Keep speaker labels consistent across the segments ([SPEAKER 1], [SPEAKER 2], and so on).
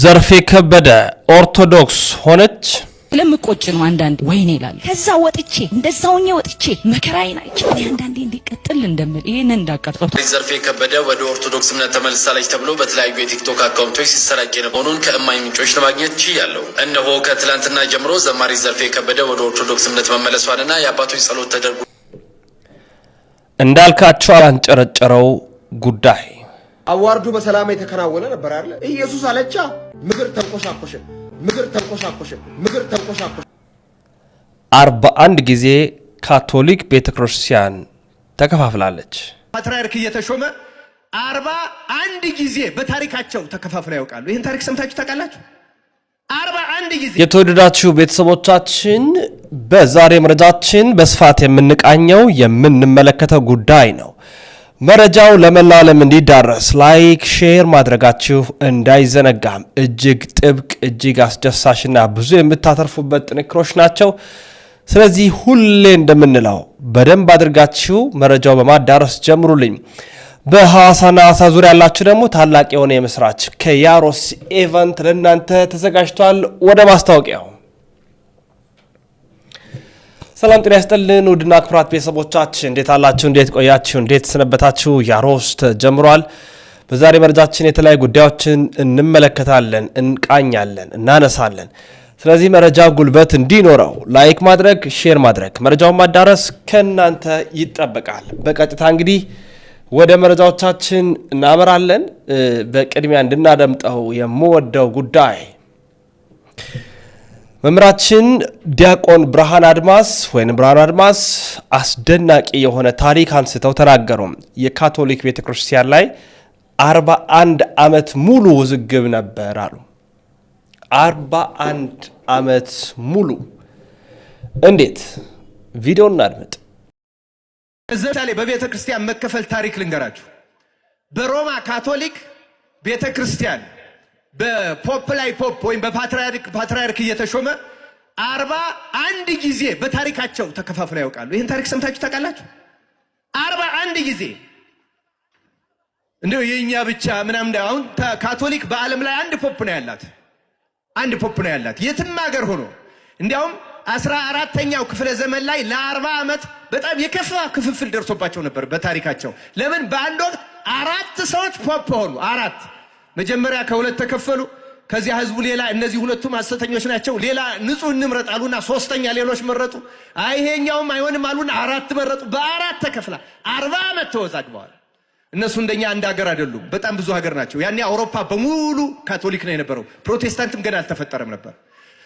[SPEAKER 1] ዘርፌ ከበደ ኦርቶዶክስ ሆነች።
[SPEAKER 2] ለምቆጭ ነው አንዳንዴ ወይኔ ይላል። ከዛ ወጥቼ እንደዛ ወጥቼ መከራዬን አይቼ አንዳንዴ እንዲቀጥል እንደምል ይህን እንዳቀርጸው
[SPEAKER 3] ዘርፌ ከበደ ወደ ኦርቶዶክስ እምነት ተመልሳለች ተብሎ በተለያዩ የቲክቶክ አካውንቶች ሲሰራጭ መሆኑን ከእማኝ ምንጮች ለማግኘት ችያለሁ። እነሆ ከትላንትና ጀምሮ ዘማሪ ዘርፌ ከበደ ወደ ኦርቶዶክስ እምነት መመለሷንና የአባቶች ጸሎት ተደርጎ
[SPEAKER 1] እንዳልካቸው አንጨረጨረው ጉዳይ
[SPEAKER 4] አዋርዱ በሰላም የተከናወነ ነበር አለ ኢየሱስ አለቻ ምግር ተንቆሻቆሸ፣ ምግር ተንቆሻቆሸ፣ ምግር ተንቆሻቆሸ።
[SPEAKER 1] አርባ አንድ ጊዜ ካቶሊክ ቤተ ክርስቲያን ተከፋፍላለች።
[SPEAKER 4] ፓትርያርክ እየተሾመ አርባ አንድ ጊዜ በታሪካቸው ተከፋፍለው ያውቃሉ። ይህን ታሪክ ሰምታችሁ ታውቃላችሁ?
[SPEAKER 1] የተወደዳችሁ ቤተሰቦቻችን በዛሬ መረጃችን በስፋት የምንቃኘው የምንመለከተው ጉዳይ ነው። መረጃው ለመላው ዓለም እንዲዳረስ ላይክ ሼር ማድረጋችሁ እንዳይዘነጋም። እጅግ ጥብቅ እጅግ አስደሳችና ብዙ የምታተርፉበት ጥንክሮች ናቸው። ስለዚህ ሁሌ እንደምንለው በደንብ አድርጋችሁ መረጃው በማዳረስ ጀምሩልኝ። በሐዋሳና ሐዋሳ ዙሪያ ያላችሁ ደግሞ ታላቅ የሆነ የምስራች ከያሮስ ኤቨንት ለእናንተ ተዘጋጅቷል። ወደ ማስታወቂያው ሰላም ጤና ይስጥልን ውድና ክብራት ቤተሰቦቻችን እንዴት አላችሁ? እንዴት ቆያችሁ? እንዴት ስነበታችሁ? ያሮስ ተጀምሯል። በዛሬ መረጃችን የተለያዩ ጉዳዮችን እንመለከታለን፣ እንቃኛለን፣ እናነሳለን። ስለዚህ መረጃ ጉልበት እንዲኖረው ላይክ ማድረግ፣ ሼር ማድረግ፣ መረጃውን ማዳረስ ከእናንተ ይጠበቃል። በቀጥታ እንግዲህ ወደ መረጃዎቻችን እናመራለን። በቅድሚያ እንድናደምጠው የምወደው ጉዳይ መምህራችን ዲያቆን ብርሃን አድማስ ወይም ብርሃን አድማስ አስደናቂ የሆነ ታሪክ አንስተው ተናገሩ። የካቶሊክ ቤተ ክርስቲያን ላይ 41 ዓመት ሙሉ ውዝግብ ነበር አሉ። 41 ዓመት ሙሉ እንዴት? ቪዲዮ እናድምጥ።
[SPEAKER 4] እዛ ላይ በቤተ ክርስቲያን መከፈል ታሪክ ልንገራችሁ። በሮማ ካቶሊክ ቤተ ክርስቲያን በፖፕ ላይ ፖፕ ወይም በፓትርያርክ ፓትርያርክ እየተሾመ አርባ አንድ ጊዜ በታሪካቸው ተከፋፍለው ያውቃሉ። ይህን ታሪክ ሰምታችሁ ታውቃላችሁ? አርባ አንድ ጊዜ እንዲሁ የእኛ ብቻ ምናምን። አሁን ካቶሊክ በዓለም ላይ አንድ ፖፕ ነው ያላት፣ አንድ ፖፕ ነው ያላት የትም ሀገር ሆኖ እንዲያውም አስራ አራተኛው ክፍለ ዘመን ላይ ለአርባ ዓመት በጣም የከፋ ክፍፍል ደርሶባቸው ነበር በታሪካቸው። ለምን በአንድ ወቅት አራት ሰዎች ፖፕ ሆኑ አራት መጀመሪያ ከሁለት ተከፈሉ። ከዚያ ህዝቡ ሌላ እነዚህ ሁለቱም ሐሰተኞች ናቸው፣ ሌላ ንጹህ እንምረጥ አሉና ሶስተኛ ሌሎች መረጡ። አይሄኛውም አይሆንም አሉና አራት መረጡ። በአራት ተከፍላ አርባ ዓመት ተወዛግበዋል። እነሱ እንደኛ አንድ ሀገር አይደሉም፣ በጣም ብዙ ሀገር ናቸው። ያኔ አውሮፓ በሙሉ ካቶሊክ ነው የነበረው፣ ፕሮቴስታንትም ገና አልተፈጠረም ነበር።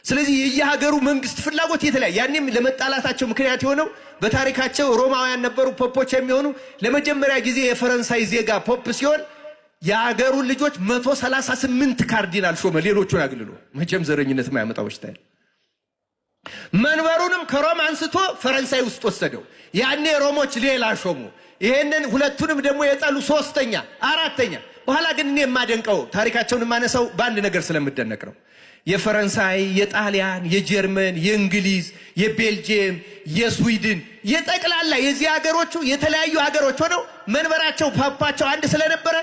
[SPEAKER 4] ስለዚህ የየሀገሩ መንግስት ፍላጎት የተለያየ። ያኔም ለመጣላታቸው ምክንያት የሆነው በታሪካቸው ሮማውያን ነበሩ ፖፖች የሚሆኑ ለመጀመሪያ ጊዜ የፈረንሳይ ዜጋ ፖፕ ሲሆን የአገሩን ልጆች መቶ ሰላሳ ስምንት ካርዲናል ሾመ። ሌሎቹን አግልሎ መቼም ዘረኝነት ማያመጣ በሽታ መንበሩንም ከሮም አንስቶ ፈረንሳይ ውስጥ ወሰደው። ያኔ ሮሞች ሌላ ሾሙ። ይሄንን ሁለቱንም ደግሞ የጠሉ ሶስተኛ፣ አራተኛ። በኋላ ግን እኔ የማደንቀው ታሪካቸውን የማነሳው በአንድ ነገር ስለምደነቅ ነው። የፈረንሳይ፣ የጣሊያን፣ የጀርመን፣ የእንግሊዝ፣ የቤልጅየም፣ የስዊድን የጠቅላላ የዚህ ሀገሮቹ የተለያዩ ሀገሮች ሆነው መንበራቸው ፓፓቸው አንድ ስለነበረ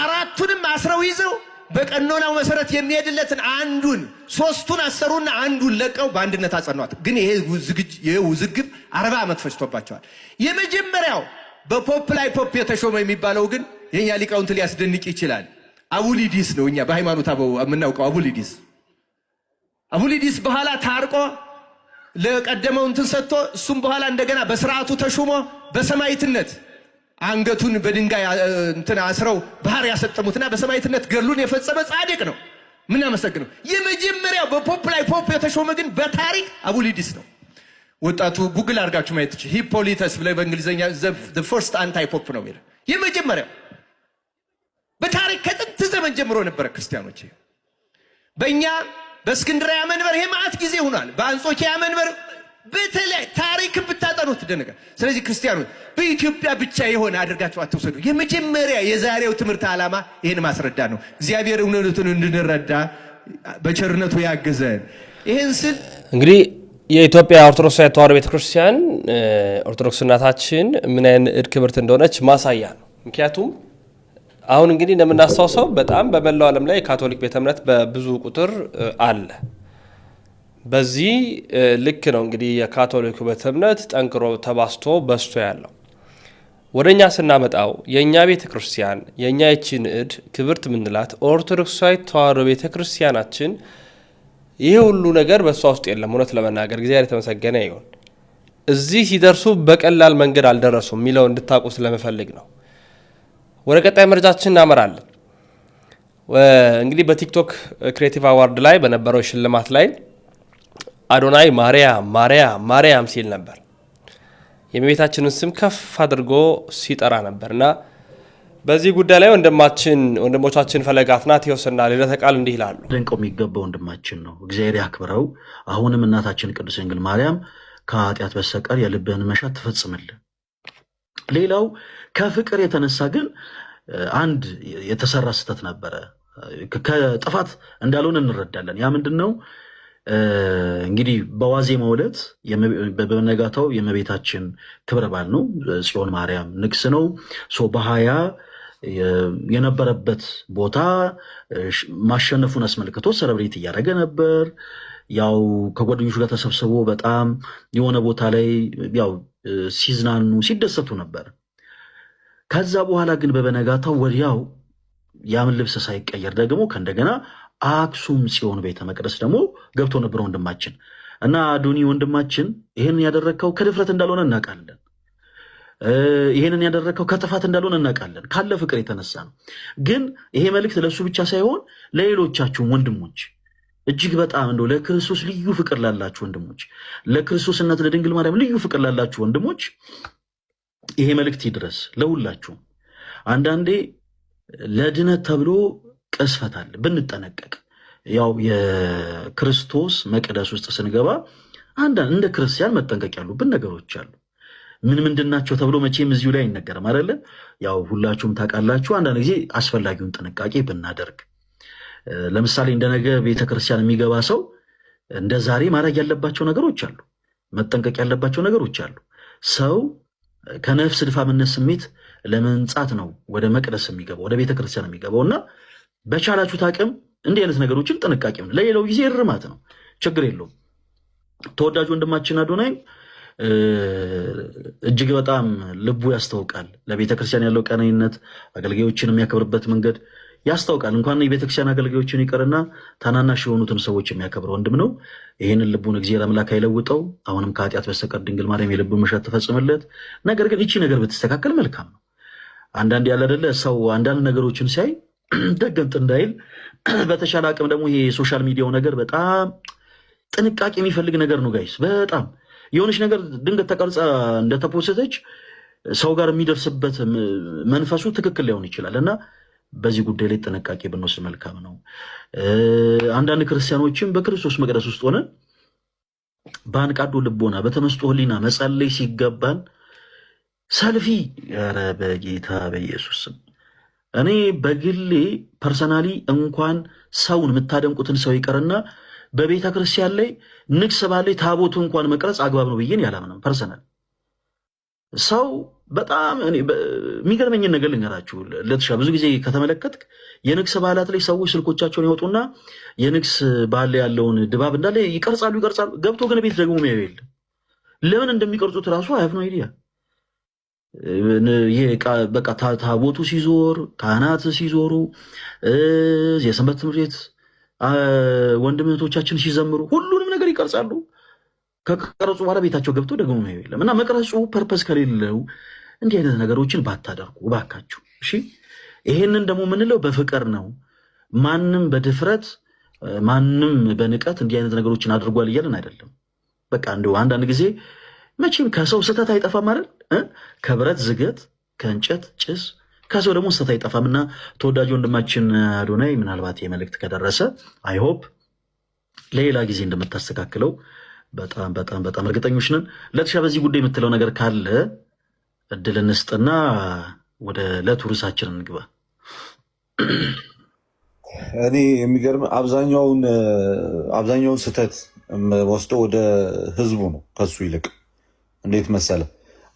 [SPEAKER 4] አራቱንም አስረው ይዘው በቀኖናው መሰረት የሚሄድለትን አንዱን ሶስቱን አሰሩና አንዱን ለቀው በአንድነት አጸኗት። ግን ይሄ ውዝግብ አርባ ዓመት ፈጅቶባቸዋል። የመጀመሪያው በፖፕ ላይ ፖፕ የተሾመ የሚባለው ግን የእኛ ሊቃውንት ሊያስደንቅ ይችላል። አቡሊዲስ ነው። እኛ በሃይማኖት አበው የምናውቀው አቡሊዲስ። አቡሊዲስ በኋላ ታርቆ ለቀደመው እንትን ሰጥቶ እሱም በኋላ እንደገና በስርዓቱ ተሹሞ በሰማይትነት አንገቱን በድንጋይ እንትን አስረው ባህር ያሰጠሙትና በሰማዕትነት ገድሉን የፈጸመ ጻድቅ ነው ምን ምናመሰግነው። የመጀመሪያው በፖፕ ላይ ፖፕ የተሾመ ግን በታሪክ አቡሊዲስ ነው። ወጣቱ ጉግል አድርጋችሁ ማየት ትችል። ሂፖሊተስ ብለ በእንግሊዝኛ ፈርስት አንታይ ፖፕ ነው ሚለ የመጀመሪያው በታሪክ ከጥንት ዘመን ጀምሮ ነበረ። ክርስቲያኖች በእኛ በእስክንድሪያ መንበር ይሄ መዓት ጊዜ ሆኗል። በአንጾኪያ መንበር በተለይ ታሪክን ብታጠኑት ደነገ። ስለዚህ ክርስቲያኖች በኢትዮጵያ ብቻ የሆነ አድርጋችሁ አትውሰዱ። የመጀመሪያ የዛሬው ትምህርት ዓላማ ይህን ማስረዳ ነው። እግዚአብሔር እውነቱን እንድንረዳ በቸርነቱ ያገዘ ይህን ስል
[SPEAKER 1] እንግዲህ የኢትዮጵያ ኦርቶዶክስ ተዋሕዶ ቤተክርስቲያን ኦርቶዶክስ እናታችን ምን አይነት ክብርት እንደሆነች ማሳያ ነው። ምክንያቱም አሁን እንግዲህ እንደምናስታውሰው በጣም በመላው ዓለም ላይ የካቶሊክ ቤተ እምነት በብዙ ቁጥር አለ። በዚህ ልክ ነው እንግዲህ የካቶሊኩ ቤተ እምነት ጠንክሮ ተባስቶ በስቶ ያለው ወደ እኛ ስናመጣው የእኛ ቤተ ክርስቲያን የእኛ ይቺን እድ ክብርት ምንላት ኦርቶዶክሳዊ ተዋህዶ ቤተ ክርስቲያናችን ይህ ሁሉ ነገር በእሷ ውስጥ የለም። እውነት ለመናገር እግዚአብሔር የተመሰገነ ይሆን። እዚህ ሲደርሱ በቀላል መንገድ አልደረሱም የሚለው እንድታውቁ ስለመፈልግ ነው። ወደ ቀጣይ መረጃችን እናመራለን። እንግዲህ በቲክቶክ ክሬቲቭ አዋርድ ላይ በነበረው ሽልማት ላይ አዶናይ ማርያም ማርያም ማርያም ሲል ነበር። የእመቤታችንን ስም ከፍ አድርጎ ሲጠራ ነበርና በዚህ ጉዳይ ላይ ወንድማችን ወንድሞቻችን ፈለገ አትናቴዎስና ልደተ ቃል እንዲህ ይላሉ።
[SPEAKER 5] ደንቀው የሚገባ ወንድማችን ነው፣ እግዚአብሔር ያክብረው። አሁንም እናታችን ቅድስት ድንግል ማርያም ከኃጢአት በስተቀር የልብህን መሻት ትፈጽምልን። ሌላው ከፍቅር የተነሳ ግን አንድ የተሰራ ስህተት ነበረ። ከጥፋት እንዳልሆነ እንረዳለን። ያ ምንድን ነው? እንግዲህ በዋዜ ዕለት በነጋታው የመቤታችን ክብረ በዓል ነው። ጽዮን ማርያም ንግስ ነው። በሀያ የነበረበት ቦታ ማሸነፉን አስመልክቶ ሰረብሬት እያደረገ ነበር። ያው ከጓደኞቹ ጋር ተሰብስቦ በጣም የሆነ ቦታ ላይ ያው ሲዝናኑ ሲደሰቱ ነበር። ከዛ በኋላ ግን በበነጋታው ወዲያው ያምን ልብስ ሳይቀየር ደግሞ ከእንደገና አክሱም ጽዮን ቤተ መቅደስ ደግሞ ገብቶ ነበር ወንድማችን እና አዶኒ ወንድማችን ይህንን ያደረግከው ከድፍረት እንዳልሆነ እናውቃለን። ይህንን ያደረግከው ከጥፋት እንዳልሆነ እናውቃለን። ካለ ፍቅር የተነሳ ነው። ግን ይሄ መልእክት ለእሱ ብቻ ሳይሆን ለሌሎቻችሁም ወንድሞች እጅግ በጣም እንደው ለክርስቶስ ልዩ ፍቅር ላላችሁ ወንድሞች፣ ለክርስቶስነት ለድንግል ማርያም ልዩ ፍቅር ላላችሁ ወንድሞች ይሄ መልእክት ይድረስ ለሁላችሁም። አንዳንዴ ለድነት ተብሎ ቅስፈት አለ ብንጠነቀቅ። ያው የክርስቶስ መቅደስ ውስጥ ስንገባ አንዳንድ እንደ ክርስቲያን መጠንቀቅ ያሉብን ነገሮች አሉ። ምን ምንድን ናቸው ተብሎ መቼም እዚሁ ላይ አይነገርም አይደለ? ያው ሁላችሁም ታውቃላችሁ። አንዳንድ ጊዜ አስፈላጊውን ጥንቃቄ ብናደርግ፣ ለምሳሌ ነገ ቤተክርስቲያን የሚገባ ሰው እንደ ዛሬ ማድረግ ያለባቸው ነገሮች አሉ፣ መጠንቀቅ ያለባቸው ነገሮች አሉ። ሰው ከነፍስ ድፋምነት ስሜት ለመንጻት ነው ወደ መቅደስ የሚገባው ወደ ቤተክርስቲያን የሚገባው እና በቻላችሁት አቅም እንዲህ አይነት ነገሮችን ጥንቃቄ ሆነ ለሌላው ጊዜ እርማት ነው፣ ችግር የለውም። ተወዳጅ ወንድማችን አዶናይ እጅግ በጣም ልቡ ያስታውቃል። ለቤተክርስቲያን ያለው ቀናይነት፣ አገልጋዮችን የሚያከብርበት መንገድ ያስታውቃል። እንኳን የቤተክርስቲያን አገልጋዮችን ይቅርና ታናናሽ የሆኑትን ሰዎች የሚያከብር ወንድም ነው። ይህንን ልቡን እግዚአብሔር አምላክ አይለውጠው። አሁንም ከኃጢአት በስተቀር ድንግል ማርያም የልቡን መሻት ተፈጽምለት። ነገር ግን እቺ ነገር ብትስተካከል መልካም ነው። አንዳንድ ያለ አይደለ ሰው አንዳንድ ነገሮችን ሲያይ ደግምጥ እንዳይል በተሻለ አቅም ደግሞ ይሄ የሶሻል ሚዲያው ነገር በጣም ጥንቃቄ የሚፈልግ ነገር ነው ጋይስ። በጣም የሆነች ነገር ድንገት ተቀርጻ እንደተፖሰተች ሰው ጋር የሚደርስበት መንፈሱ ትክክል ሊሆን ይችላል እና በዚህ ጉዳይ ላይ ጥንቃቄ ብንወስድ መልካም ነው። አንዳንድ ክርስቲያኖችም በክርስቶስ መቅደስ ውስጥ ሆነን በአንቃዶ ልቦና በተመስጦ ሕሊና መጸለይ ሲገባን ሰልፊ ኧረ በጌታ በኢየሱስም እኔ በግሌ ፐርሰናሊ እንኳን ሰውን የምታደንቁትን ሰው ይቀርና በቤተ ክርስቲያን ላይ ንግስ ባለ ታቦቱ እንኳን መቅረጽ አግባብ ነው ብዬን ያላምንም። ፐርሰናል ሰው በጣም የሚገርመኝን ነገር ልንገራችሁ። ለትሻ ብዙ ጊዜ ከተመለከትክ የንግስ በዓላት ላይ ሰዎች ስልኮቻቸውን ያወጡና የንግስ በዓል ያለውን ድባብ እንዳለ ይቀርጻሉ ይቀርጻሉ። ገብቶ ግን ቤት ደግሞ የሚያዩ የለም። ለምን እንደሚቀርጹት ራሱ አያፍ ነው አይዲያ በቃ ታቦቱ ሲዞር ካህናት ሲዞሩ የሰንበት ትምህርት ቤት ወንድምህቶቻችን ሲዘምሩ ሁሉንም ነገር ይቀርጻሉ። ከቀረጹ በኋላ ቤታቸው ገብቶ ደግሞ ነው የለም እና መቅረጹ ፐርፐስ ከሌለው እንዲህ አይነት ነገሮችን ባታደርጉ እባካችሁ። እሺ፣ ይሄንን ደግሞ የምንለው በፍቅር ነው። ማንም በድፍረት ማንም በንቀት እንዲህ አይነት ነገሮችን አድርጓል እያለን አይደለም። በቃ እንዲሁ አንዳንድ ጊዜ መቼም ከሰው ስህተት አይጠፋም አይደል? ከብረት ዝገት፣ ከእንጨት ጭስ ከሰው ደግሞ ስህተት አይጠፋም እና ተወዳጅ ወንድማችን አዶናይ ምናልባት የመልእክት ከደረሰ አይሆፕ ለሌላ ጊዜ እንደምታስተካክለው በጣም በጣም በጣም እርግጠኞች ነን። ለትሻ በዚህ ጉዳይ የምትለው ነገር ካለ እድል እንስጥና ወደ ዕለቱ እንግባ።
[SPEAKER 6] እኔ የሚገርም አብዛኛውን ስህተት ወስዶ ወደ ህዝቡ ነው ከሱ ይልቅ እንዴት መሰለ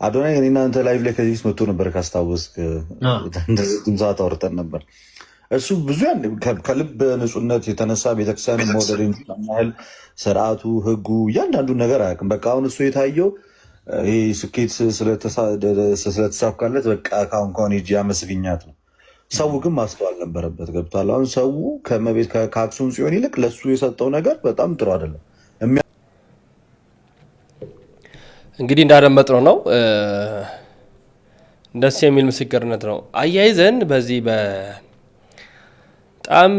[SPEAKER 6] አዶናይ እኔ እናንተ ላይቭ ላይ ከዚህ መቶ ነበር ካስታወስክ፣ እንደዚህም ሰዓት አውርተን ነበር። እሱ ብዙ ከልብ ንጹህነት የተነሳ ቤተክርስቲያን መውደድ ያህል ስርዓቱ፣ ህጉ፣ እያንዳንዱን ነገር አያውቅም። በቃ አሁን እሱ የታየው ይሄ ስኬት ስለተሳካለት በቃ ካሁን ከሆን ጅ ያመስግኛት ነው። ሰው ግን ማስተዋል ነበረበት። ገብቷል። አሁን ሰው ከመቤት ከአክሱም ጽዮን ይልቅ ለእሱ የሰጠው ነገር በጣም ጥሩ አይደለም።
[SPEAKER 1] እንግዲህ እንዳደመጥነው ነው። ደስ የሚል ምስክርነት ነው። አያይዘን በዚህ በጣም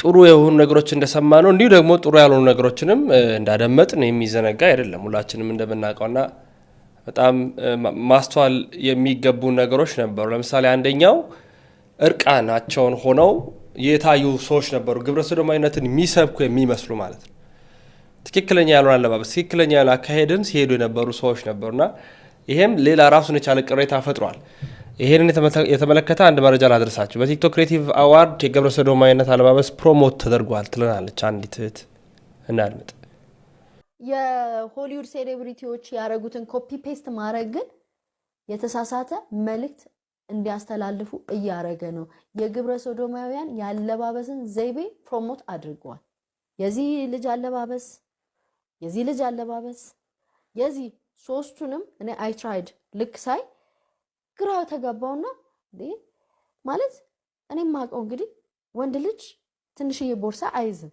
[SPEAKER 1] ጥሩ የሆኑ ነገሮች እንደሰማ ነው እንዲሁ ደግሞ ጥሩ ያልሆኑ ነገሮችንም እንዳደመጥን የሚዘነጋ አይደለም። ሁላችንም እንደምናውቀውና በጣም ማስተዋል የሚገቡ ነገሮች ነበሩ። ለምሳሌ አንደኛው እርቃናቸውን ሆነው የታዩ ሰዎች ነበሩ፣ ግብረ ሰዶማዊነትን የሚሰብኩ የሚመስሉ ማለት ነው። ትክክለኛ ያልሆነ አለባበስ፣ ትክክለኛ ያለ አካሄድን ሲሄዱ የነበሩ ሰዎች ነበሩና ይሄም ሌላ ራሱን የቻለ ቅሬታ ፈጥሯል። ይሄንን የተመለከተ አንድ መረጃ ላድረሳችሁ። በቲክቶክ ክሬቲቭ አዋርድ የግብረሰዶማዊነት አለባበስ ፕሮሞት ተደርጓል ትለናለች አንዲት እህት፣ እናድምጥ።
[SPEAKER 7] የሆሊውድ ሴሌብሪቲዎች ያደረጉትን ኮፒ ፔስት ማድረግ ግን የተሳሳተ መልእክት እንዲያስተላልፉ እያደረገ ነው። የግብረ ሶዶማውያን የአለባበስን ዘይቤ ፕሮሞት አድርገዋል። የዚህ ልጅ አለባበስ የዚህ ልጅ አለባበስ የዚህ ሶስቱንም እኔ አይ ትራይድ ልክ ሳይ ግራ ተጋባውና ማለት እኔ ማውቀው እንግዲህ ወንድ ልጅ ትንሽዬ ቦርሳ አይዝም።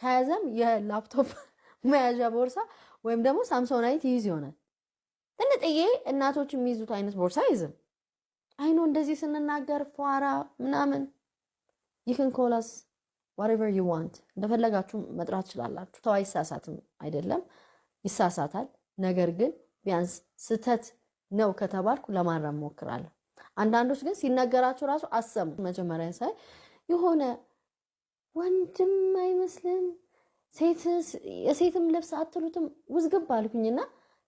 [SPEAKER 7] ከያዘም የላፕቶፕ መያዣ ቦርሳ ወይም ደግሞ ሳምሶናይት ይይዝ ይሆናል። ትንጥዬ እናቶች የሚይዙት አይነት ቦርሳ አይዝም። አይኖ እንደዚህ ስንናገር ፏራ ምናምን ይህን ኮላስ ዋትኤቨር ዩ ዋንት እንደፈለጋችሁ መጥራት ትችላላችሁ። ሰው አይሳሳትም አይደለም፣ ይሳሳታል። ነገር ግን ቢያንስ ስህተት ነው ከተባልኩ ለማረም ሞክራለሁ። አንዳንዶች ግን ሲነገራቸው ራሱ አሰሙ። መጀመሪያ ሳይ የሆነ ወንድም አይመስልም የሴትም ልብስ አትሉትም ውዝግብ አልኩኝና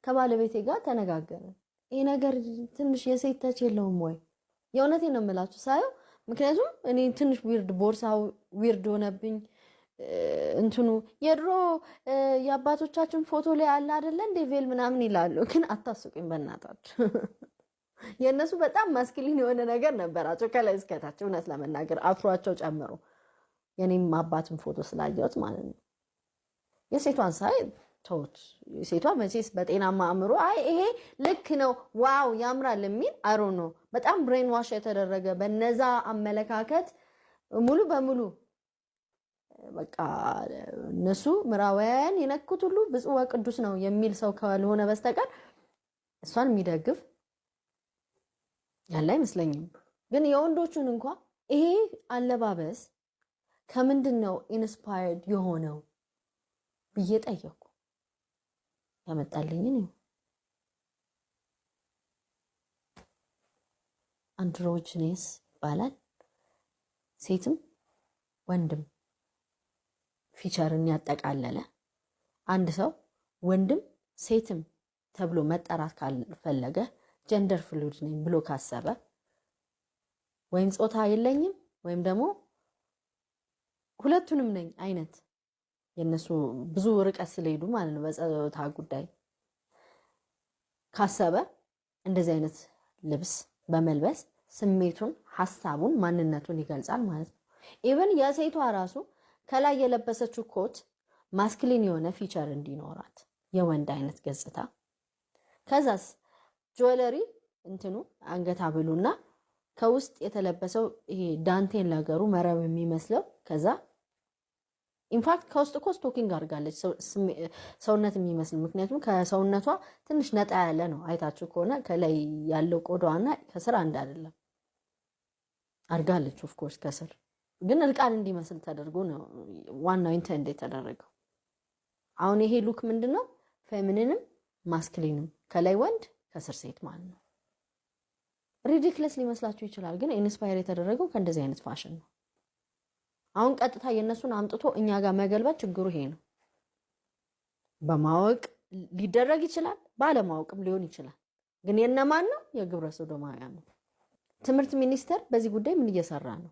[SPEAKER 7] ከባለቤቴ ጋር ተነጋገርን። ይህ ነገር ትንሽ የሴት ተች የለውም ወይ? የእውነቴ ነው የምላችሁ ሳየው ምክንያቱም እኔ ትንሽ ዊርድ ቦርሳ ዊርድ ሆነብኝ። እንትኑ የድሮ የአባቶቻችን ፎቶ ላይ አለ አደለ እንደ ቬል ምናምን ይላሉ። ግን አታስቁኝ በእናታችሁ። የእነሱ በጣም ማስኪሊን የሆነ ነገር ነበራቸው ከላይ እስከታቸው። እውነት ለመናገር አፍሯቸው ጨምሮ የኔም አባትን ፎቶ ስላየሁት ማለት ነው የሴቷን ሳይ ተውት። ሴቷ መቼስ በጤናማ አእምሮ አይ ይሄ ልክ ነው ዋው ያምራል የሚል አሮ ነው። በጣም ብሬን ዋሽ የተደረገ በነዛ አመለካከት ሙሉ በሙሉ በቃ እነሱ ምዕራባውያን የነኩት ሁሉ ብፁዕ ወቅዱስ ነው የሚል ሰው ካልሆነ በስተቀር እሷን የሚደግፍ ያለ አይመስለኝም። ግን የወንዶቹን እንኳ ይሄ አለባበስ ከምንድን ነው ኢንስፓየርድ የሆነው ብዬ ጠየው። ያመጣልኝን አንድሮጅኔስ ይባላል። ሴትም ወንድም ፊቸርን ያጠቃለለ አንድ ሰው ወንድም ሴትም ተብሎ መጠራት ካልፈለገ ጀንደር ፍሉድ ነኝ ብሎ ካሰበ ወይም ጾታ የለኝም ወይም ደግሞ ሁለቱንም ነኝ አይነት የእነሱ ብዙ ርቀት ስለሄዱ ማለት ነው በጸሎታ ጉዳይ ካሰበ እንደዚህ አይነት ልብስ በመልበስ ስሜቱን፣ ሀሳቡን፣ ማንነቱን ይገልጻል ማለት ነው። ኢቨን የሴቷ ራሱ ከላይ የለበሰችው ኮት ማስክሊን የሆነ ፊቸር እንዲኖራት የወንድ አይነት ገጽታ ከዛስ ጆለሪ እንትኑ አንገታ ብሉና ከውስጥ የተለበሰው ይሄ ዳንቴን ነገሩ መረብ የሚመስለው ከዛ ኢንፋክት ከውስጥ እኮ ስቶኪንግ አድርጋለች ሰውነት የሚመስል ምክንያቱም ከሰውነቷ ትንሽ ነጣ ያለ ነው። አይታችሁ ከሆነ ከላይ ያለው ቆዳዋና ከስር አንድ አይደለም። አድርጋለች ኦፍኮርስ ከስር ግን እርቃን እንዲመስል ተደርጎ ነው ዋናው ኢንተንድ የተደረገው። አሁን ይሄ ሉክ ምንድን ነው? ፌሚኒንም ማስክሊንም ከላይ ወንድ ከስር ሴት ማለት ነው። ሪዲክለስ ሊመስላችሁ ይችላል፣ ግን ኢንስፓየር የተደረገው ከእንደዚህ አይነት ፋሽን ነው። አሁን ቀጥታ የእነሱን አምጥቶ እኛ ጋር መገልባት ችግሩ ይሄ ነው። በማወቅ ሊደረግ ይችላል፣ ባለማወቅም ሊሆን ይችላል። ግን የእነማን ነው? የግብረ ሶዶማውያን ነው። ትምህርት ሚኒስቴር በዚህ ጉዳይ ምን እየሰራ ነው?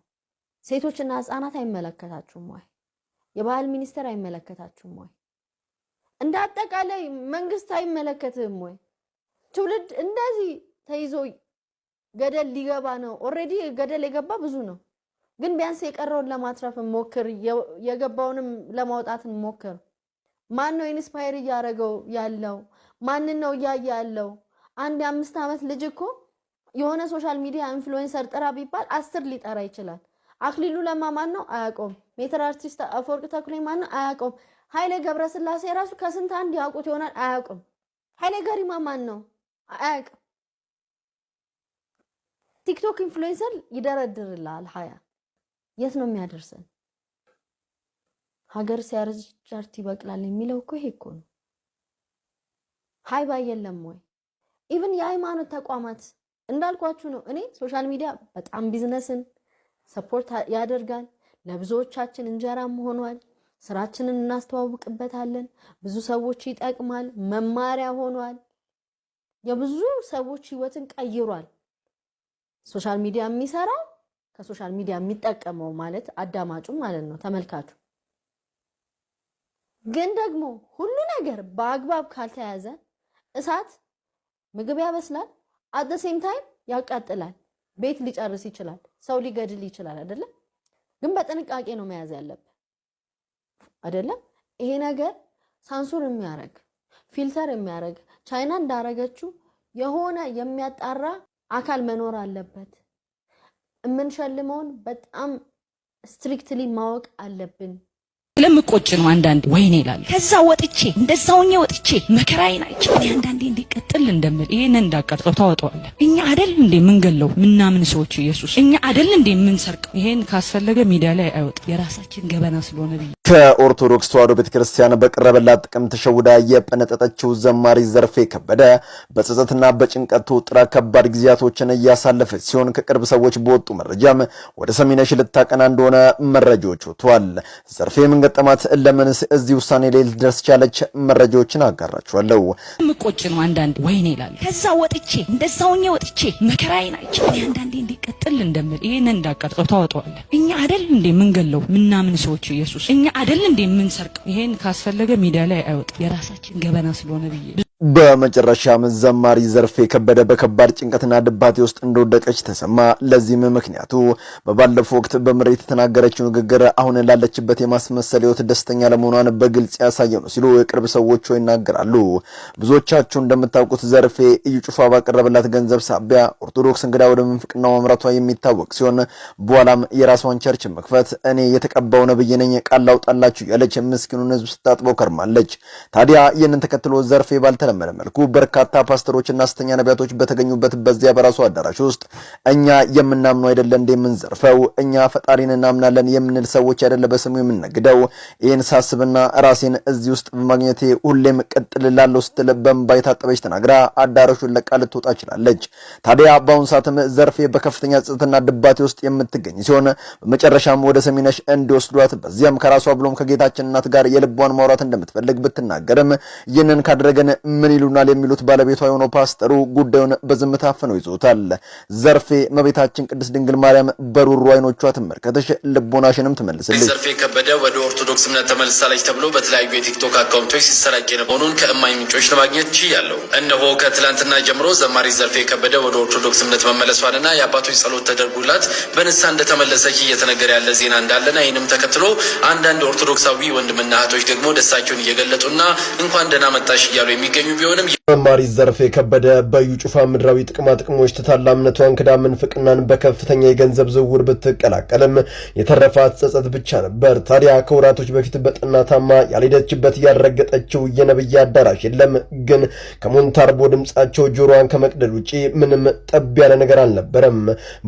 [SPEAKER 7] ሴቶችና ህፃናት አይመለከታችሁም ወይ? የባህል ሚኒስቴር አይመለከታችሁም ወይ? እንደ አጠቃላይ መንግስት አይመለከትህም ወይ? ትውልድ እንደዚህ ተይዞ ገደል ሊገባ ነው። ኦልሬዲ ገደል የገባ ብዙ ነው። ግን ቢያንስ የቀረውን ለማትረፍ ሞክር፣ የገባውንም ለማውጣት ሞክር። ማን ነው ኢንስፓየር እያደረገው ያለው? ማንን ነው እያየ ያለው? አንድ የአምስት ዓመት ልጅ እኮ የሆነ ሶሻል ሚዲያ ኢንፍሉዌንሰር ጥራ ቢባል አስር ሊጠራ ይችላል። አክሊሉ ለማ ማን ነው አያውቀውም። ሜትር አርቲስት አፈወርቅ ተክሌ ማን ነው አያውቀውም። ኃይሌ ገብረስላሴ ራሱ ከስንት አንድ ያውቁት ይሆናል አያውቅም። ኃይሌ ገሪማ ማን ነው አያውቅም። ቲክቶክ ኢንፍሉዌንሰር ይደረድርላል ሀያ የት ነው የሚያደርሰን? ሀገር ሲያርጅ ጃርት ይበቅላል የሚለው እኮ ይሄ እኮ ነው። ሀይባ የለም ወይ? ኢቭን የሃይማኖት ተቋማት እንዳልኳችሁ ነው። እኔ ሶሻል ሚዲያ በጣም ቢዝነስን ሰፖርት ያደርጋል። ለብዙዎቻችን እንጀራም ሆኗል። ስራችንን እናስተዋውቅበታለን። ብዙ ሰዎች ይጠቅማል፣ መማሪያ ሆኗል። የብዙ ሰዎች ህይወትን ቀይሯል። ሶሻል ሚዲያ የሚሰራው ከሶሻል ሚዲያ የሚጠቀመው ማለት አዳማጩ ማለት ነው፣ ተመልካቹ። ግን ደግሞ ሁሉ ነገር በአግባብ ካልተያዘ እሳት ምግብ ያበስላል፣ አደ ሴም ታይም ያቃጥላል፣ ቤት ሊጨርስ ይችላል፣ ሰው ሊገድል ይችላል። አይደለም ግን በጥንቃቄ ነው መያዝ ያለብን። አይደለም ይሄ ነገር ሳንሱር የሚያደርግ ፊልተር የሚያደርግ ቻይና እንዳረገችው የሆነ የሚያጣራ አካል መኖር አለበት። የምንሸልመውን በጣም ስትሪክትሊ ማወቅ አለብን።
[SPEAKER 2] ስለምቆጭ ነው አንዳንዴ ወይኔ ይላል። ከዛ ወጥቼ እንደዛውኝ ወጥቼ መከራዬን አይቼ አንዳንዴ እንዲቀጥል እንደምል ይሄን እንዳቀርጸው ታወጣዋለህ። እኛ አይደል እንዴ ምንገለው ምናምን ሰዎች ኢየሱስ እኛ አይደል እንዴ ምንሰርቀው? ይሄን ካስፈለገ ሚዲያ ላይ አይወጥ የራሳችን ገበና ስለሆነ ብዬ
[SPEAKER 8] ከኦርቶዶክስ ተዋሕዶ ቤተክርስቲያን በቀረበላት ጥቅም ተሸውዳ የጠነጠጠችው ዘማሪ ዘርፌ ከበደ በጸጸትና በጭንቀት ተወጥራ ከባድ ጊዜያቶችን እያሳለፈች ሲሆን ከቅርብ ሰዎች በወጡ መረጃም ወደ ሰሚነሽ ልታቀና እንደሆነ መረጃዎች ወጥቷል። ዘርፌ ገጠማት፣ ለምንስ እዚህ ውሳኔ ላይ ልደርስ ቻለች? መረጃዎችን አጋራችኋለሁ።
[SPEAKER 2] ምቆጭ ነው አንዳንዴ ወይኔ ይላል። ከዛ ወጥቼ እንደዛውኛ ወጥቼ መከራዬ ናቸው እኔ አንዳንዴ እንዲቀጥል እንደምል ይህን እንዳቀርጸው ታወጠዋለ እኛ አደል እንዴ ምንገለው ምናምን ሰዎች ኢየሱስ እኛ አደል እንዴ ምንሰርቀው? ይሄን ካስፈለገ ሚዲያ ላይ አይወጣ የራሳችን ገበና ስለሆነ ብዬ
[SPEAKER 8] በመጨረሻም ዘማሪ ዘርፌ ከበደ በከባድ ጭንቀትና ድባቴ ውስጥ እንደወደቀች ተሰማ። ለዚህም ምክንያቱ በባለፈው ወቅት በምሬት የተናገረችው ንግግር አሁን ላለችበት የማስመሰል ህይወት ደስተኛ ለመሆኗን በግልጽ ያሳየ ነው ሲሉ የቅርብ ሰዎቿ ይናገራሉ። ብዙዎቻችሁ እንደምታውቁት ዘርፌ እዩ ጩፋ ባቀረበላት ገንዘብ ሳቢያ ኦርቶዶክስ እንግዳ ወደ ምንፍቅና ማምራቷ የሚታወቅ ሲሆን በኋላም የራሷን ቸርች መክፈት እኔ የተቀባው ነብይ ነኝ ቃል ላውጣላችሁ ያለች ምስኪኑን ህዝብ ስታጥበው ከርማለች። ታዲያ ይህንን ተከትሎ ዘርፌ ባልተ በተለመደ መልኩ በርካታ ፓስተሮችና ሐሰተኛ ነቢያቶች በተገኙበት በዚያ በራሱ አዳራሽ ውስጥ እኛ የምናምኑ አይደለ እንደ የምንዘርፈው እኛ ፈጣሪን እናምናለን የምንል ሰዎች አይደለ በስሙ የምንነግደው። ይህን ሳስብና ራሴን እዚህ ውስጥ በማግኘቴ ሁሌም ቀጥልላለሁ ላለው ስትል በእንባ የታጠበች ተናግራ አዳራሹን ለቃ ልትወጣ ችላለች። ታዲያ በአሁኑ ሰዓትም ዘርፌ በከፍተኛ ጸጥታና ድባቴ ውስጥ የምትገኝ ሲሆን በመጨረሻም ወደ ሰሚነሽ እንዲወስዷት በዚያም ከራሷ ብሎም ከጌታችን እናት ጋር የልቧን ማውራት እንደምትፈልግ ብትናገርም ይህንን ካደረገን ምን ይሉናል የሚሉት ባለቤቷ የሆነው ፓስተሩ ጉዳዩን በዝምታ አፍነው ይዞታል። ዘርፌ እመቤታችን ቅድስት ድንግል ማርያም በሩሩ አይኖቿ ትመልከተሽ፣ ልቦናሽንም ትመልስልሽ።
[SPEAKER 3] ዘርፌ ከበደ ወደ ኦርቶዶክስ እምነት ተመልሳለች ተብሎ በተለያዩ የቲክቶክ አካውንቶች ሲሰራጭ መሆኑን ከእማኝ ምንጮች ለማግኘት ችያለሁ። እነሆ ከትላንትና ጀምሮ ዘማሪ ዘርፌ ከበደ ወደ ኦርቶዶክስ እምነት መመለሷንና የአባቶች ጸሎት ተደርጉላት በንሳ እንደተመለሰች እየተነገረ ያለ ዜና እንዳለና ይህንም ተከትሎ አንዳንድ ኦርቶዶክሳዊ ወንድምና እህቶች ደግሞ ደሳቸውን እየገለጡና እንኳን ደህና መጣሽ እያሉ የሚገኙ ቢሆንም
[SPEAKER 8] መማሪ ዘርፌ የከበደ በዩ ጩፋ ምድራዊ ጥቅማ ጥቅሞች ተታላምነቷን ክዳ ምንፍቅናን በከፍተኛ የገንዘብ ዝውውር ብትቀላቀልም የተረፋት ጸጸት ብቻ ነበር። ታዲያ ከወራቶች በፊት በጠና ታማ ያልሄደችበት ያረገጠችው የነብይ አዳራሽ የለም። ግን ከሞንታርቦ ድምፃቸው ጆሮዋን ከመቅደል ውጪ ምንም ጠብ ያለ ነገር አልነበረም።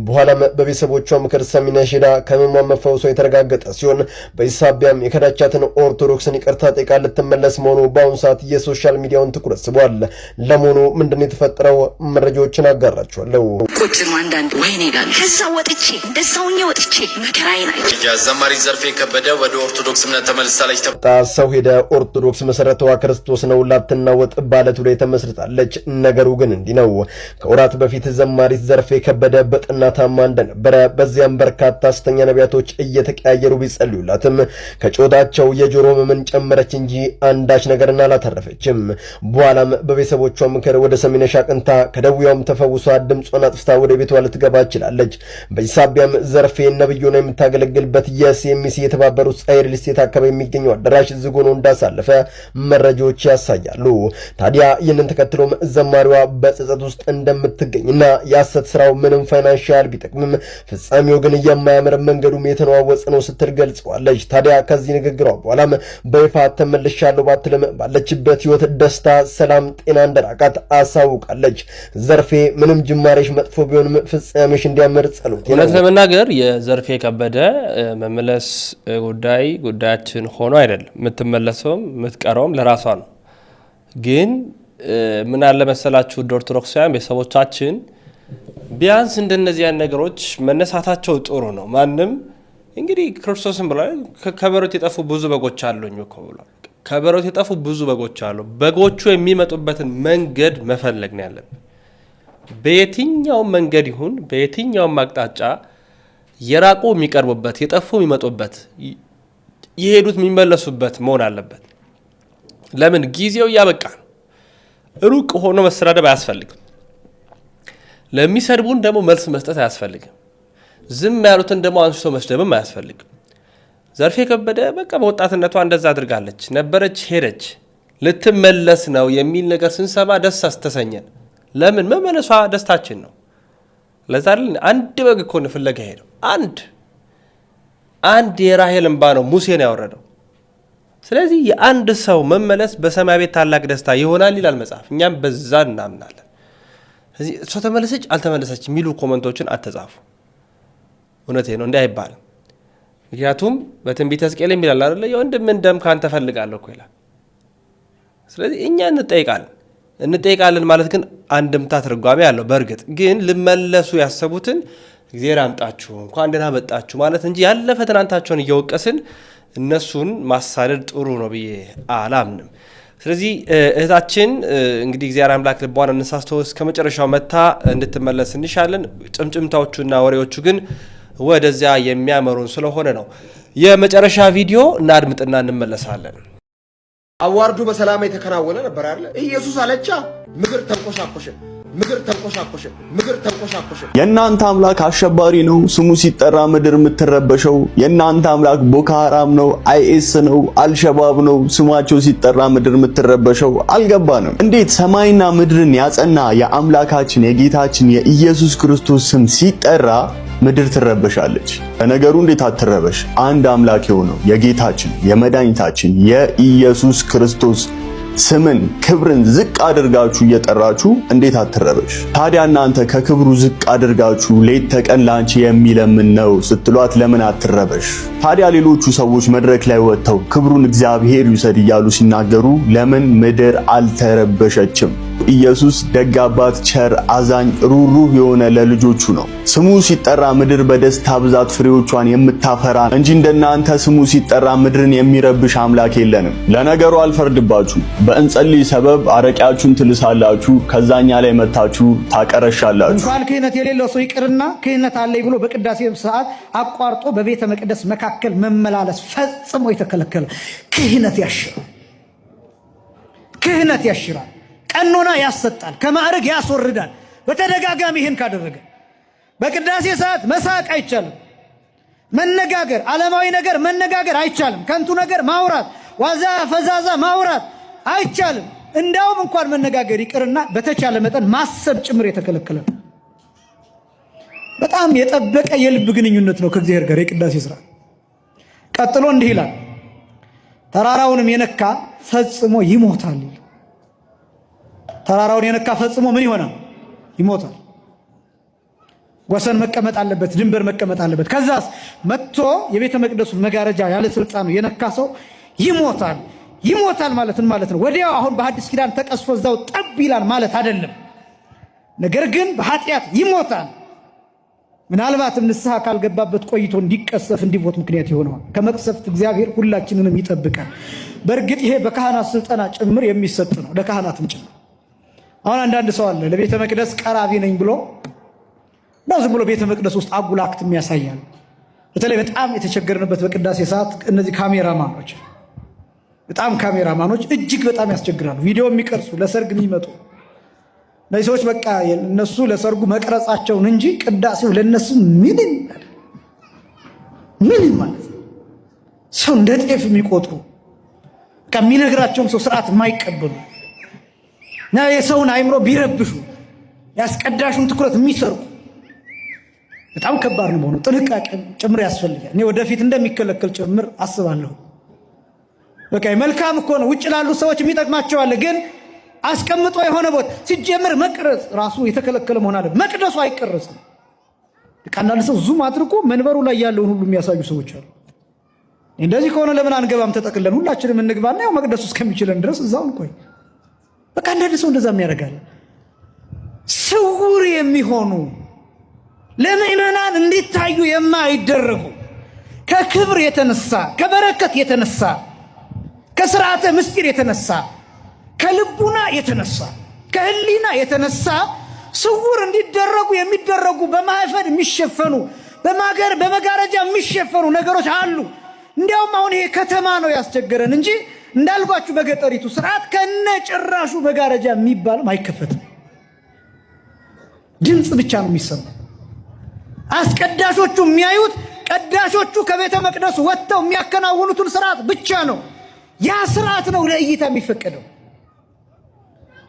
[SPEAKER 8] በኋላም በቤተሰቦቿ ምክር ሰሚነሽ ሄዳ ከህመሟ መፈወሷ የተረጋገጠ ሲሆን በዚህ ሳቢያም የከዳቻትን ኦርቶዶክስን ይቅርታ ጠይቃ ልትመለስ መሆኑ በአሁኑ ሰዓት የሶሻል ሚዲያውን ትኩረት ሰብስቧል። ለመሆኑ ምንድን የተፈጠረው መረጃዎችን አጋራችኋለሁ።
[SPEAKER 2] ቁጭም አንዳንድ ወይኔ ይላል። ከዛ ወጥቼ እንደዛውኛ ወጥቼ መከራዬ ናቸው።
[SPEAKER 3] ዘማሪ ዘርፌ ከበደ ወደ ኦርቶዶክስ እምነት ተመልሳለች።
[SPEAKER 8] ሰው ሄደ ኦርቶዶክስ መሰረተዋ ክርስቶስ ነው ላትናወጥ ባለቱ ላይ ተመስርታለች። ነገሩ ግን እንዲህ ነው። ከወራት በፊት ዘማሪት ዘርፌ ከበደ በጠና ታማ እንደነበረ በዚያም በርካታ ሐሰተኛ ነቢያቶች እየተቀያየሩ ቢጸልዩላትም ከጮታቸው የጆሮ ህመምን ጨመረች እንጂ አንዳች ነገርን አላተረፈችም። በኋላም በቤተሰቦቿ ምክር ወደ ሰሜን ሻቅንታ ከደዌዋም ተፈውሷ ድምጿን አጥፍታ ወደ ቤቷ ልትገባ ችላለች። በዚህ ሳቢያም ዘርፌ ነብዩ ነው የምታገለግልበት የሲኤምሲ የተባበሩት ፀሐይ ሪል ስቴት አካባቢ የሚገኘው አዳራሽ ዝግ ሆኖ እንዳሳለፈ መረጃዎች ያሳያሉ። ታዲያ ይህንን ተከትሎም ዘማሪዋ በጸጸት ውስጥ እንደምትገኝና የአሰት ስራው ምንም ፋይናንሻል ቢጠቅምም ፍጻሜው ግን የማያምር መንገዱም የተነዋወጽ ነው ስትል ገልጸዋለች። ታዲያ ከዚህ ንግግሯ በኋላም በይፋ ተመልሻለሁ ባትልም ባለችበት ህይወት ደስታ ሰላም ጤና እንደራቃት አሳውቃለች። ዘርፌ ምንም ጅማሬሽ መጥፎ ቢሆንም ፍጻሜሽ እንዲያምር ጸሎት።
[SPEAKER 1] እውነት ለመናገር የዘርፌ ከበደ መመለስ ጉዳይ ጉዳያችን ሆኖ አይደለም። የምትመለሰውም የምትቀረውም ለራሷ ነው። ግን ምን አለ መሰላችሁ ኦርቶዶክሳውያን ቤተሰቦቻችን ቢያንስ እንደነዚያን ነገሮች መነሳታቸው ጥሩ ነው። ማንም እንግዲህ ክርስቶስን ብሏል። ከበሮት የጠፉ ብዙ በጎች አሉኝ እኮ ብሏል። ከበሮት የጠፉ ብዙ በጎች አሉ። በጎቹ የሚመጡበትን መንገድ መፈለግ ነው ያለብን። በየትኛውም መንገድ ይሁን በየትኛውም አቅጣጫ የራቁ የሚቀርቡበት፣ የጠፉ የሚመጡበት፣ የሄዱት የሚመለሱበት መሆን አለበት። ለምን ጊዜው እያበቃ ነው። ሩቅ ሆኖ መሰዳደብ አያስፈልግም። ለሚሰድቡን ደግሞ መልስ መስጠት አያስፈልግም። ዝም ያሉትን ደግሞ አንስቶ መስደብም አያስፈልግም። ዘርፌ ከበደ በቃ በወጣትነቷ እንደዛ አድርጋለች ነበረች፣ ሄደች፣ ልትመለስ ነው የሚል ነገር ስንሰማ ደስ አስተሰኘን። ለምን መመለሷ ደስታችን ነው። ለዛ አንድ በግ እኮ ፍለጋ ሄደው አንድ አንድ የራሄል እንባ ነው ሙሴን ያወረደው። ስለዚህ የአንድ ሰው መመለስ በሰማይ ቤት ታላቅ ደስታ ይሆናል ይላል መጽሐፍ። እኛም በዛ እናምናለን። እዚህ እሷ ተመለሰች አልተመለሰች የሚሉ ኮመንቶችን አተጻፉ እውነቴ ነው እንዲህ አይባልም። ምክንያቱም በትንቢተ ሕዝቅኤል የሚላል አለ የወንድምን ደም ካንተ እፈልጋለሁ እኮ ይላል። ስለዚህ እኛ እንጠይቃለን እንጠይቃለን ማለት ግን አንድምታ ትርጓሜ አለው። በእርግጥ ግን ልመለሱ ያሰቡትን እግዜር አምጣችሁ እንኳን ደህና መጣችሁ ማለት እንጂ ያለፈ ትናንታቸውን እየወቀስን እነሱን ማሳደድ ጥሩ ነው ብዬ አላምንም። ስለዚህ እህታችን እንግዲህ እግዚአብሔር አምላክ ልቧን አነሳስቶ እስከ መጨረሻው መታ እንድትመለስ እንሻለን። ጭምጭምታዎቹና ወሬዎቹ ግን ወደዚያ የሚያመሩን ስለሆነ ነው። የመጨረሻ ቪዲዮ እናድምጥና እንመለሳለን።
[SPEAKER 4] አዋርዱ በሰላም የተከናወነ ነበር አለ ኢየሱስ አለቻ ምግር ተንቆሻቆሸ ምግር ተንቆሻቆሸ ምግር ተንቆሻቆሸ። የእናንተ አምላክ አሸባሪ ነው፣ ስሙ ሲጠራ ምድር የምትረበሸው። የእናንተ አምላክ ቦኮ ሀራም ነው፣ አይኤስ ነው፣ አልሸባብ ነው፣ ስማቸው ሲጠራ ምድር የምትረበሸው። አልገባንም። እንዴት ሰማይና ምድርን ያጸና የአምላካችን የጌታችን የኢየሱስ ክርስቶስ ስም ሲጠራ ምድር ትረበሻለች። ከነገሩ እንዴት አትረበሽ? አንድ አምላክ የሆነው የጌታችን የመድኃኒታችን የኢየሱስ ክርስቶስ ስምን ክብርን ዝቅ አድርጋችሁ እየጠራችሁ እንዴት አትረበሽ ታዲያ? እናንተ ከክብሩ ዝቅ አድርጋችሁ ሌት ተቀን ላንቺ የሚለምን ነው ስትሏት ለምን አትረበሽ ታዲያ? ሌሎቹ ሰዎች መድረክ ላይ ወጥተው ክብሩን እግዚአብሔር ይውሰድ እያሉ ሲናገሩ ለምን ምድር አልተረበሸችም? ኢየሱስ ደግ አባት፣ ቸር አዛኝ፣ ሩህሩህ የሆነ ለልጆቹ ነው። ስሙ ሲጠራ ምድር በደስታ ብዛት ፍሬዎቿን የምታፈራ እንጂ እንደናንተ ስሙ ሲጠራ ምድርን የሚረብሽ አምላክ የለንም። ለነገሩ አልፈርድባችሁ በእንጸልይ ሰበብ አረቂያችሁን ትልሳላችሁ፣ ከዛኛ ላይ መታችሁ ታቀረሻላችሁ።
[SPEAKER 2] እንኳን ክህነት የሌለው ሰው ይቅርና ክህነት አለኝ ብሎ በቅዳሴ ሰዓት አቋርጦ በቤተ መቅደስ መካከል መመላለስ ፈጽሞ የተከለከለ ክህነት ያሽራል። ክህነት ያሽራል። ቀኖና ያሰጣል። ከማዕረግ ያስወርዳል። በተደጋጋሚ ይህን ካደረገ በቅዳሴ ሰዓት መሳቅ አይቻልም። መነጋገር፣ ዓለማዊ ነገር መነጋገር አይቻልም። ከንቱ ነገር ማውራት፣ ዋዛ ፈዛዛ ማውራት አይቻልም። እንዲያውም እንኳን መነጋገር ይቅርና በተቻለ መጠን ማሰብ ጭምር የተከለከለ ነው። በጣም የጠበቀ የልብ ግንኙነት ነው ከእግዚአብሔር ጋር የቅዳሴ ስራ። ቀጥሎ እንዲህ ይላል፣ ተራራውንም የነካ ፈጽሞ ይሞታል። ተራራውን የነካ ፈጽሞ ምን ይሆናል? ይሞታል። ወሰን መቀመጥ አለበት፣ ድንበር መቀመጥ አለበት። ከዛስ መጥቶ የቤተ መቅደሱን መጋረጃ ያለ ስልጣኑ የነካ ሰው ይሞታል። ይሞታል ማለትን ማለት ነው። ወዲያው አሁን በሐዲስ ኪዳን ተቀስፎ እዛው ጠብ ይላል ማለት አይደለም። ነገር ግን በኃጢአት ይሞታል። ምናልባትም ንስሐ ካልገባበት ቆይቶ እንዲቀሰፍ እንዲሞት ምክንያት ይሆነዋል። ከመቅሰፍት እግዚአብሔር ሁላችንንም ይጠብቃል። በእርግጥ ይሄ በካህናት ስልጠና ጭምር የሚሰጥ ነው፣ ለካህናትም ጭምር። አሁን አንዳንድ ሰው አለ ለቤተ መቅደስ ቀራቢ ነኝ ብሎ ነው ዝም ብሎ ቤተ መቅደስ ውስጥ አጉል አክት የሚያሳያል። በተለይ በጣም የተቸገርንበት በቅዳሴ ሰዓት እነዚህ ካሜራማኖች በጣም ካሜራማኖች እጅግ በጣም ያስቸግራሉ። ቪዲዮ የሚቀርጹ ለሰርግ የሚመጡ እነዚህ ሰዎች በቃ እነሱ ለሰርጉ መቅረጻቸውን እንጂ ቅዳሴው ለእነሱ ምንም ምንም ማለት ነው። ሰው እንደ ጤፍ የሚቆጥሩ በቃ የሚነግራቸውም ሰው ስርዓት የማይቀበሉ እና የሰውን አይምሮ ቢረብሹ ያስቀዳሹን ትኩረት የሚሰርቁ በጣም ከባድ ነው። በሆነው ጥንቃቄ ጭምር ያስፈልጋል። እኔ ወደፊት እንደሚከለከል ጭምር አስባለሁ። በቃ መልካም እኮ ነው። ውጭ ላሉ ሰዎች የሚጠቅማቸው አለ። ግን አስቀምጦ የሆነ ቦታ ሲጀምር መቅረጽ ራሱ የተከለከለ መሆን አለ። መቅደሱ አይቀረጽም። አንዳንድ ሰው ዙም አድርጎ መንበሩ ላይ ያለውን ሁሉ የሚያሳዩ ሰዎች አሉ። እንደዚህ ከሆነ ለምን አንገባም? ተጠቅለን ሁላችንም እንግባና ያው መቅደሱ እስከሚችለን ድረስ እዛውን ቆይ። በቃ አንዳንድ ሰው እንደዛ የሚያደርጋል። ስውር የሚሆኑ ለምእመናን እንዲታዩ የማይደረጉ ከክብር የተነሳ ከበረከት የተነሳ ከስርዓተ ምስጢር የተነሳ ከልቡና የተነሳ ከህሊና የተነሳ ስውር እንዲደረጉ የሚደረጉ በማዕፈድ የሚሸፈኑ በማገር በመጋረጃ የሚሸፈኑ ነገሮች አሉ። እንዲያውም አሁን ይሄ ከተማ ነው ያስቸገረን እንጂ እንዳልጓችሁ በገጠሪቱ ስርዓት ከነ ጭራሹ መጋረጃ የሚባልም አይከፈትም። ድምፅ ብቻ ነው የሚሰማው። አስቀዳሾቹ የሚያዩት ቀዳሾቹ ከቤተ መቅደሱ ወጥተው የሚያከናውኑትን ስርዓት ብቻ ነው። ያ ስርዓት ነው ለእይታ የሚፈቀደው።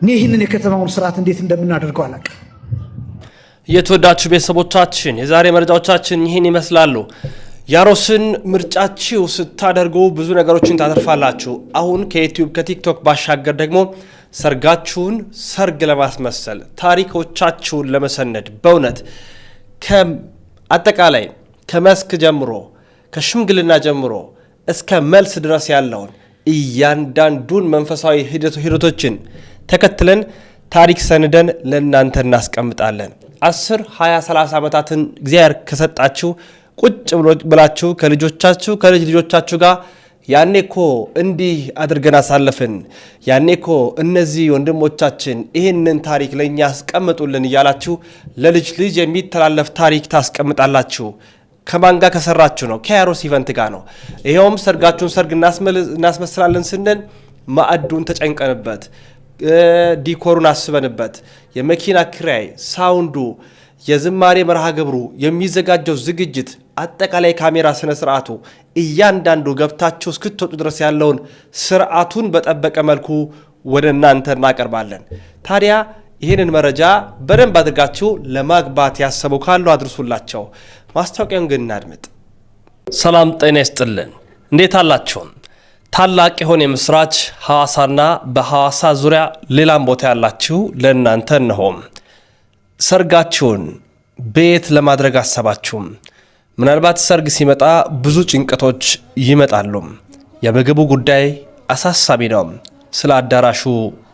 [SPEAKER 2] እኔ ይህንን የከተማውን ስርዓት እንዴት እንደምናደርገው አላውቅም።
[SPEAKER 1] የተወዳችሁ ቤተሰቦቻችን የዛሬ መረጃዎቻችን ይህን ይመስላሉ። ያሮስን ምርጫችሁ ስታደርጉ ብዙ ነገሮችን ታተርፋላችሁ። አሁን ከዩቲዩብ ከቲክቶክ ባሻገር ደግሞ ሰርጋችሁን ሰርግ ለማስመሰል ታሪኮቻችሁን ለመሰነድ በእውነት አጠቃላይ ከመስክ ጀምሮ ከሽምግልና ጀምሮ እስከ መልስ ድረስ ያለውን እያንዳንዱን መንፈሳዊ ሂደቶችን ተከትለን ታሪክ ሰንደን ለእናንተ እናስቀምጣለን። 10፣ 20፣ 30 ዓመታትን እግዚአብሔር ከሰጣችሁ ቁጭ ብላችሁ ከልጆቻችሁ ከልጅ ልጆቻችሁ ጋር ያኔ ኮ እንዲህ አድርገን አሳለፍን፣ ያኔ ኮ እነዚህ ወንድሞቻችን ይህንን ታሪክ ለእኛ አስቀምጡልን እያላችሁ ለልጅ ልጅ የሚተላለፍ ታሪክ ታስቀምጣላችሁ። ከማን ጋር ከሰራችሁ ነው? ከያሮስ ኢቨንት ጋር ነው። ይኸውም ሰርጋችሁን ሰርግ እናስመስላለን ስንል ማዕዱን ተጨንቀንበት፣ ዲኮሩን አስበንበት፣ የመኪና ክራይ፣ ሳውንዱ፣ የዝማሬ መርሃ ግብሩ፣ የሚዘጋጀው ዝግጅት፣ አጠቃላይ ካሜራ ስነ ስርዓቱ፣ እያንዳንዱ ገብታችሁ እስክትወጡ ድረስ ያለውን ስርዓቱን በጠበቀ መልኩ ወደ እናንተ እናቀርባለን ታዲያ ይህንን መረጃ በደንብ አድርጋችሁ ለማግባት ያሰቡ ካሉ አድርሱላቸው። ማስታወቂያውን ግን እናድምጥ። ሰላም ጤና ይስጥልን። እንዴት አላችሁም? ታላቅ የሆነ የምስራች ሐዋሳና በሐዋሳ ዙሪያ ሌላም ቦታ ያላችሁ ለእናንተ እንሆም። ሰርጋችሁን ቤት ለማድረግ አሰባችሁም። ምናልባት ሰርግ ሲመጣ ብዙ ጭንቀቶች ይመጣሉ። የምግቡ ጉዳይ አሳሳቢ ነው። ስለ አዳራሹ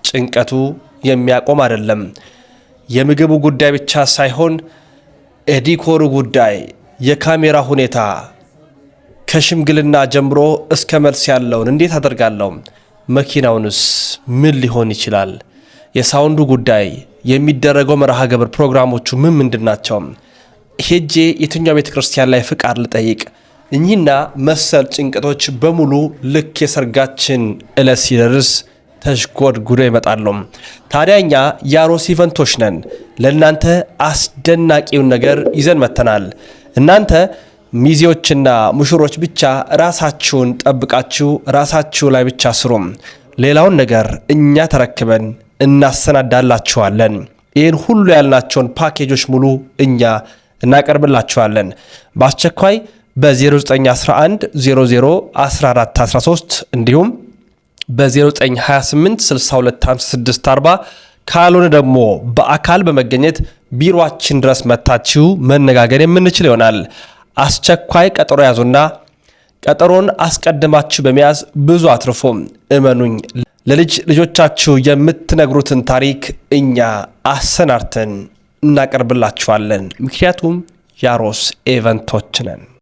[SPEAKER 1] ጭንቀቱ የሚያቆም አይደለም። የምግቡ ጉዳይ ብቻ ሳይሆን የዲኮሩ ጉዳይ፣ የካሜራ ሁኔታ ከሽምግልና ጀምሮ እስከ መልስ ያለውን እንዴት አደርጋለሁ? መኪናውንስ ምን ሊሆን ይችላል? የሳውንዱ ጉዳይ፣ የሚደረገው መርሃ ግብር ፕሮግራሞቹ ምን ምንድን ናቸው? ሄጄ የትኛው ቤተ ክርስቲያን ላይ ፍቃድ ልጠይቅ? እኚህና መሰል ጭንቀቶች በሙሉ ልክ የሰርጋችን ዕለት ሲደርስ ተሽጎድጉዶ ይመጣሉ። ታዲያ እኛ ያሮስ ኢቨንቶች ነን። ለእናንተ አስደናቂውን ነገር ይዘን መጥተናል። እናንተ ሚዜዎችና ሙሽሮች ብቻ ራሳችሁን ጠብቃችሁ ራሳችሁ ላይ ብቻ ስሩም። ሌላውን ነገር እኛ ተረክበን እናሰናዳላችኋለን። ይህን ሁሉ ያልናቸውን ፓኬጆች ሙሉ እኛ እናቀርብላችኋለን። በአስቸኳይ በ0911 00 እንዲሁም በ0928 625640 ካልሆነ ደግሞ በአካል በመገኘት ቢሮችን ድረስ መታችሁ መነጋገር የምንችል ይሆናል። አስቸኳይ ቀጠሮ ያዙና ቀጠሮን አስቀድማችሁ በመያዝ ብዙ አትርፎ እመኑኝ፣ ለልጅ ልጆቻችሁ የምትነግሩትን ታሪክ እኛ አሰናርተን እናቀርብላችኋለን። ምክንያቱም ያሮስ ኤቨንቶች ነን።